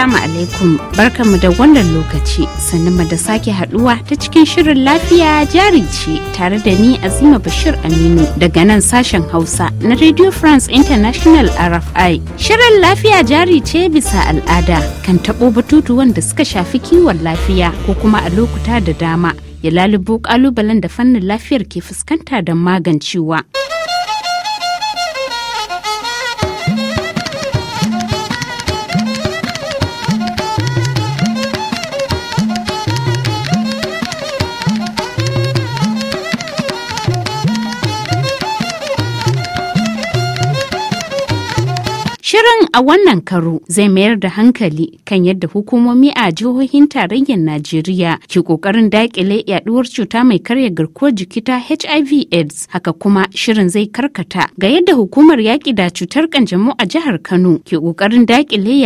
Assalamu alaikum barkanmu da wannan lokaci sannan da sake haduwa ta cikin shirin lafiya jari ce tare da ni Azima Bashir Aminu daga nan sashen Hausa na Radio France International RFI. Shirin lafiya jari ce bisa al'ada kan tabo batutuwan da suka shafi kiwon lafiya ko kuma a lokuta da dama ya lalubo kalubalen da fannin lafiyar ke fuskanta don magancewa. Shirin a wannan karo zai mayar da hankali kan yadda hukumomi a jihohin tarayyar Najeriya ke kokarin dakile yaduwar cuta mai karya garkuwar jiki ta HIV AIDS. Haka kuma shirin zai karkata ga yadda hukumar yaƙi da cutar kanjamau a jihar Kano ke kokarin dakile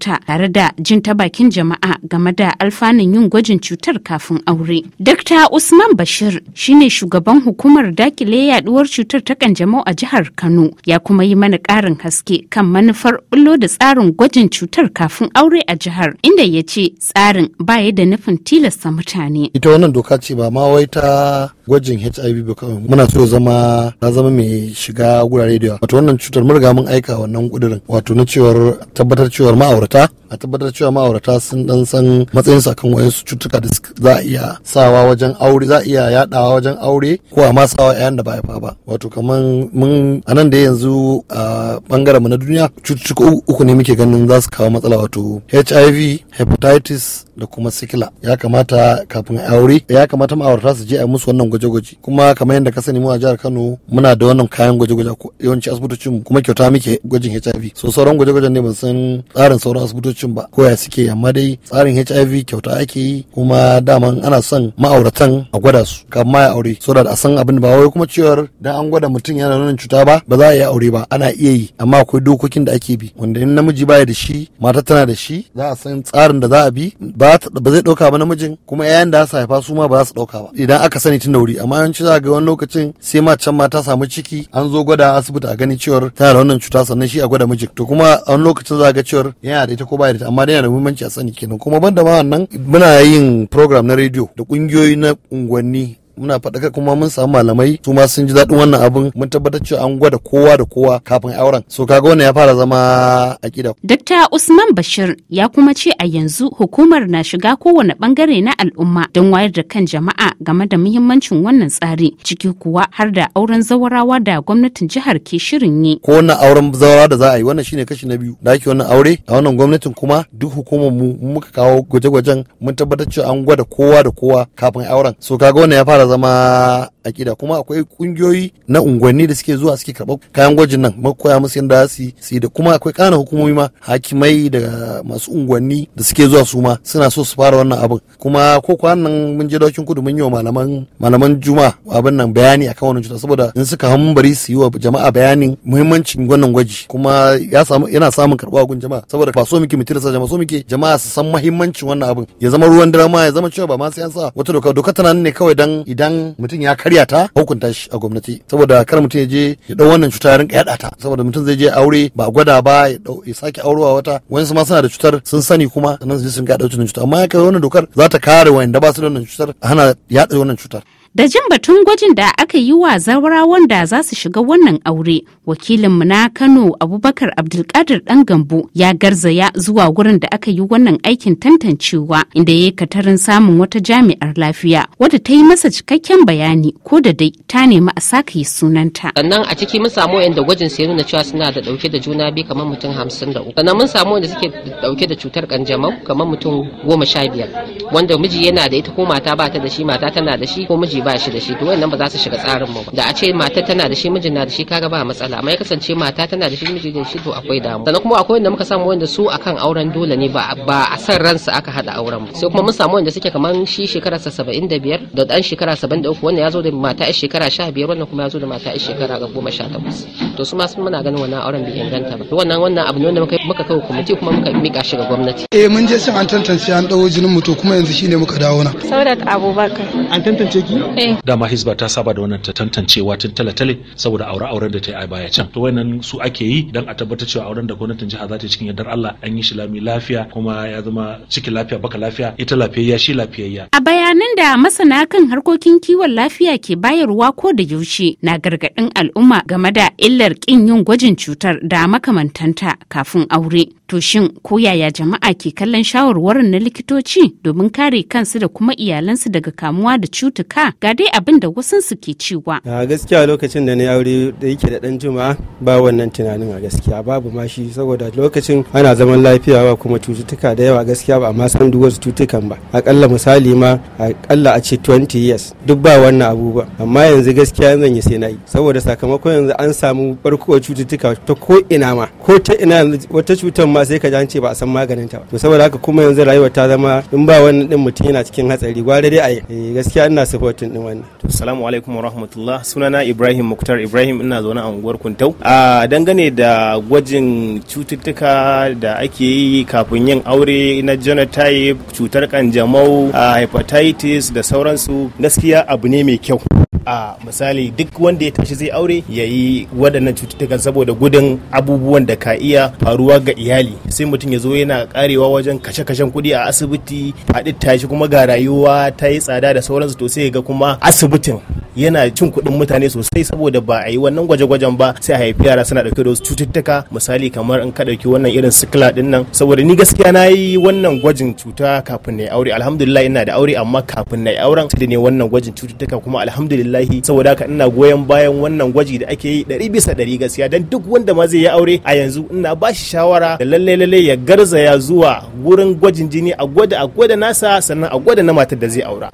ta tare da jin ta bakin jama'a game da alfanun yin gwajin cutar kafin aure. Dr. Usman Bashir shine shugaban hukumar dakile yaduwar cutar ta kanjamau a jihar Kano ya kuma yi mana ƙarin haske kan manufar bullo da tsarin gwajin cutar kafin aure a jihar inda ya ce tsarin baya da nufin tilasta mutane. Ita wannan doka ce ba ma wai ta gwajin HIV muna so zama na zama mai shiga gurare da yawa wato wannan cutar mun riga mun aika wannan kudirin wato na cewar tabbatar cewar ma'aurata a tabbatar cewa ma'aurata sun dan san matsayin su akan wayansu cutuka da za a iya sawa wajen aure za a iya yadawa wajen aure ko a ma sawa yayan da ba fa ba wato kaman mun anan da yanzu a bangaren mu na duniya cututtuka uku ne muke ganin za su kawo matsala wato HIV hepatitis da kuma sikila ya kamata kafin aure ya kamata ma'aurata su je a musu wannan gwaje-gwaje kuma kamar yadda ka sani mu a jihar Kano muna da wannan kayan gwaje-gwaje yawanci asibitocin kuma kyauta muke gwajin HIV so sauran gwaje-gwajen ne ban san tsarin sauran asibitocin ba ko ya suke amma dai tsarin HIV kyauta ake yi kuma daman ana son ma'auratan a gwada su kamar ma ya aure so da a san abin ba wai kuma cewar dan an gwada mutum yana nuna cuta ba ba za a yi aure ba ana iya yi amma akwai dokokin da ake bi wanda in namiji baya da shi mata tana da shi za a san tsarin da za a bi ba zai dauka ba namijin kuma yayan da za su haifa su ma ba za su dauka ba idan aka sani tun da wuri amma yawanci za ga wani lokacin sai ma can ma ta samu ciki an zo gwada asibiti a gani cewar tana da wannan cuta sannan shi a gwada mijin to kuma a wani lokacin za ga cewar yana da ita ko ba da ita amma yana da muhimmanci a sani kenan kuma banda ma wannan muna yin program na rediyo da kungiyoyi na unguwanni muna faɗaka kuma mun samu malamai su ma sun ji daɗin wannan abin mun tabbatar cewa an gwada kowa da kowa kafin auren so kaga wannan ya fara zama kida. Dakta Usman Bashir ya kuma ce a yanzu hukumar na shiga kowane bangare na al'umma don wayar da kan jama'a game da muhimmancin wannan tsari ciki kuwa har da auren zawarawa da gwamnatin jihar ke shirin yi. Ko wannan auren zawarawa da za a yi wannan shine kashi na biyu da ake wannan aure a wannan gwamnatin kuma duk hukumar mu muka kawo gwaje-gwajen mun tabbatar cewa an gwada kowa da kowa kafin auren so kaga wannan ya fara zama akida kuma akwai kungiyoyi na unguwanni da suke zuwa suke karɓar kayan gwajin nan makoya musu yadda su yi da kuma akwai kana hukumomi ma hakimai da masu unguwanni da suke zuwa su ma suna so su fara wannan abin kuma ko kwanan mun je dokin kudu mun yi wa malaman malaman juma abin nan bayani akan wannan cuta saboda in suka hambari su yi wa jama'a bayanin muhimmancin wannan gwaji kuma ya samu yana samun karɓar gun jama'a saboda ba so muke mu tilasta jama'a so muke jama'a su san muhimmancin wannan abin ya zama ruwan dare ma ya zama cewa ba ma sai an sa wata doka doka tana ne kawai dan idan mutum ya karya shirya ta hukunta shi a gwamnati saboda kar mutum ya je ya dau wannan cuta ya rinka yada ta saboda mutum zai je aure ba gwada ba ya dau ya sake wa wata wani ma suna da cutar sun sani kuma sannan su je sun ga dauki cuta amma ya kai wannan dokar za ta kare wanda ba su da wannan cutar hana yada wannan cutar Da jin batun gwajin da aka yi wa zawara wanda za su shiga wannan aure, wakilinmu na Kano Abubakar Abdulkadir ɗan Gambo ya garzaya zuwa wurin da aka yi wannan aikin tantancewa inda ya yi katarin samun wata jami'ar lafiya wadda ta yi masa cikakken bayani ko da dai ta nemi a saka yi sunanta. Sannan a ciki mun samu yadda gwajin sai nuna cewa suna da ɗauke da juna biyu kamar mutum hamsin da uku. Sannan mun samu wanda suke ɗauke da cutar kanjamau kamar mutum goma sha biyar wanda miji yana da ita ko mata ba ta da shi mata tana da shi ko miji ba shi da shi to wannan ba za su shiga tsarin mu da a ce mata tana da shi mijin na da shi kaga ba matsala amma ya kasance mata tana da shi mijin da shi to akwai damu sannan kuma akwai wanda muka samu wanda su akan auren dole ne ba ba a san ransa aka hada auren ba sai kuma mun samu wanda suke kaman shi shekara 75 da dan shekara 73 wannan ya zo da mata a shekara 15 wannan kuma ya zo da mata a shekara 18 to su ma sun muna ganin wannan auren bai inganta ba wannan wannan abu ne wanda muka muka kawo kwamiti kuma muka mika shi ga gwamnati eh mun je sun an tantance an dawo jinin mu to kuma yanzu shine muka dawo na Saudat Abubakar an tantance ki Eh. dama hizba ta saba da wannan ta tantancewa tun talatale saboda aure-auren da ta yi a baya can to wannan su ake yi dan a tabbatar cewa auren da gwamnatin jiha za ta yi cikin yardar Allah an yi shi lami lafiya kuma ya zama cikin lafiya baka lafiya ita lafiyayya shi lafiyayya a bayanan da masana kan harkokin kiwon lafiya ke bayarwa ko da yaushe na gargadin al'umma game da illar kin yin gwajin cutar da makamantanta kafin aure To shin ko yaya jama'a ke kallon shawarwarin na likitoci domin kare kansu da kuma iyalansu daga kamuwa da cutuka ga dai abin da wasansu ke cewa. A gaskiya lokacin da na aure da yake da dan juma'a ba wannan tunanin a gaskiya babu ma shi saboda lokacin ana zaman lafiya ba kuma cututtuka da yawa gaskiya ba amma san duk wasu cutukan ba. Akalla misali ma akalla a ce 20 years duk ba wannan abubuwa amma yanzu gaskiya zan yi sai na yi saboda sakamakon yanzu an samu barkowar cututtuka ta ko ina ma ko ta ina wata cutar ma sai ka ji an ce ba a san maganin ta ba to saboda haka kuma yanzu rayuwar ta zama in ba wannan din mutum yana cikin hatsari gware dai a yi eh, gaskiya ina supporting din wannan to assalamu alaikum wa rahmatullah sunana Ibrahim Muktar Ibrahim ina zaune a unguwar Kuntau a dangane da gwajin cututtuka da ake yi kafin yin aure na genotype cutar kanjamau hepatitis da sauransu gaskiya abu ne mai kyau a misali duk wanda ya tashi zai aure ya yi waɗannan cututtukan saboda gudun abubuwan da ka iya faruwa ga iyali sai mutum ya zo yana karewa wajen kashe-kashen kuɗi a asibiti faɗi tashi kuma ga rayuwa ta yi tsada da sauransu to sai ga kuma asibitin yana cin kuɗin mutane sosai saboda ba a yi wannan gwaje-gwajen ba sai a haifi yara suna ɗauke da wasu cututtuka misali kamar in ka ɗauki wannan irin sikila ɗin nan saboda ni gaskiya na yi wannan gwajin cuta kafin na yi aure alhamdulillah ina da aure amma kafin na yi auren sai da ne wannan gwajin cututtuka kuma alhamdulillah saboda haka ina goyon bayan wannan gwaji da ake yi ɗari bisa ɗari gaskiya dan duk wanda ma zai yi aure a yanzu ina ba shi shawara da lalle lalle ya garzaya zuwa wurin gwajin jini a gwada a gwada nasa sannan a gwada na matar da zai aura.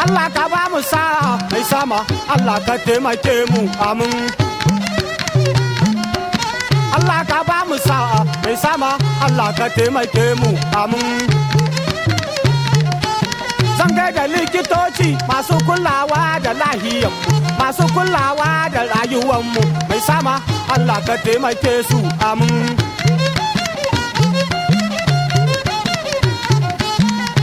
Allah ka ba mu sa'a mai sama Allah ka taimake mu amin Allah ka ba mu sa'a mai sama Allah ka taimake mu amin Zan da likitoci masu kulawa da lahiyan masu kulawa da mu mai sama Allah ka taimake su amin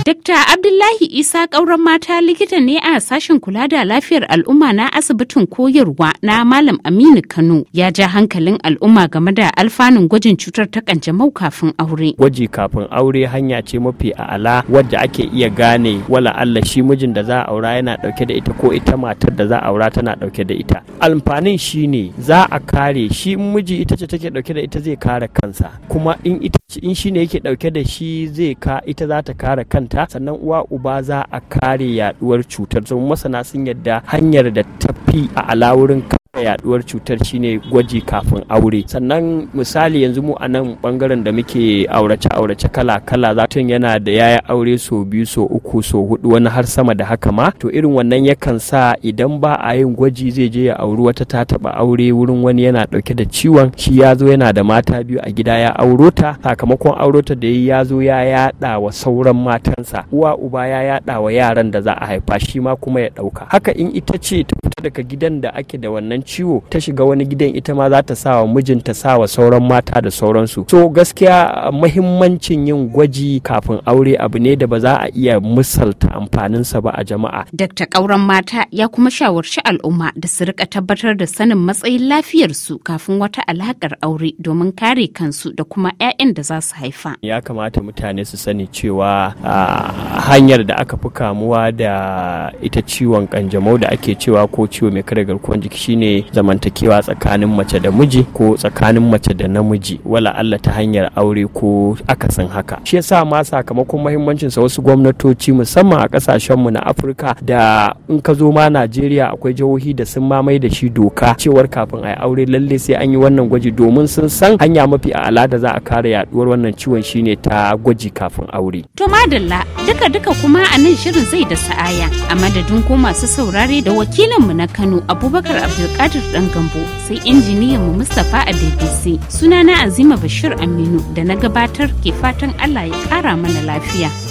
Dr. Abdullahi Isa ƙauren mata likita ne a sashen kula da lafiyar al'umma na asibitin koyarwa na Malam Aminu Kano ya ja hankalin al'umma game da alfanun gwajin cutar ta kanjamau kafin aure. Gwaji kafin aure hanya ce mafi a'ala wadda ake iya gane wala Allah shi mijin da za a aura yana dauke da ita ko ita matar da za a aura tana dauke da ita. Alfanin shine za a kare shi miji ita ce take dauke da ita zai kare kansa kuma in ita in shi ne yake dauke da shi zai ka ita za ta kare kanta sannan uwa uba za a kare yaduwar cutar sun masana sun yadda hanyar da ta fi a alawurin yaduwar cutar shine gwaji kafin aure sannan misali yanzu mu a nan bangaren da muke aurace aurace kala kala za tun yana da yaya aure so biyu so uku so hudu wani har sama da haka ma to irin wannan yakan sa idan ba a yin gwaji zai je ya auri wata ta taba aure wurin wani yana dauke da ciwon shi ya zo yana da mata biyu a gida ya auro ta sakamakon auro ta da ya zo ya yada wa sauran matansa uwa uba ya yada wa yaran da za a haifa shi ma kuma ya dauka haka in ita ce ta fita daga gidan da ake da wannan ciwo ta shiga wani gidan ita ma za ta sa wa mijinta sa wa sauran mata da sauransu so gaskiya mahimmancin yin gwaji kafin aure abu ne da ba za a iya misalta sa ba a jama'a dr kauran mata ya kuma shawarci al'umma da su rika tabbatar da sanin matsayin lafiyarsu kafin wata alakar aure domin kare kansu da kuma 'ya'yan da za su haifa ya kamata mutane su sani cewa hanyar da aka fi kamuwa da ita ciwon kanjamau da ake cewa ko ciwo mai kare garkuwar jiki shine zamantakewa tsakanin mace da miji ko tsakanin mace da namiji wala Allah ta hanyar aure ko akasin haka shi yasa ma sakamakon muhimmancin sa wasu gwamnatoci musamman a kasashen mu na Afirka da in ka zo ma Najeriya akwai jihohi da sun mamaye da shi doka cewar kafin a yi aure lalle sai an yi wannan gwaji domin sun san hanya mafi a'ala da za a kare yaduwar wannan ciwon shine ta gwaji kafin aure to madalla duka duka kuma a nan shirin zai da sa'aya a madadin ko masu saurare da mu na Kano Abubakar Abdulkadir Kadir ɗan Gambo sai injiniyan mu Mustapha a BBC. Sunana Azima Bashir Aminu da na gabatar ke fatan Allah ya kara mana lafiya.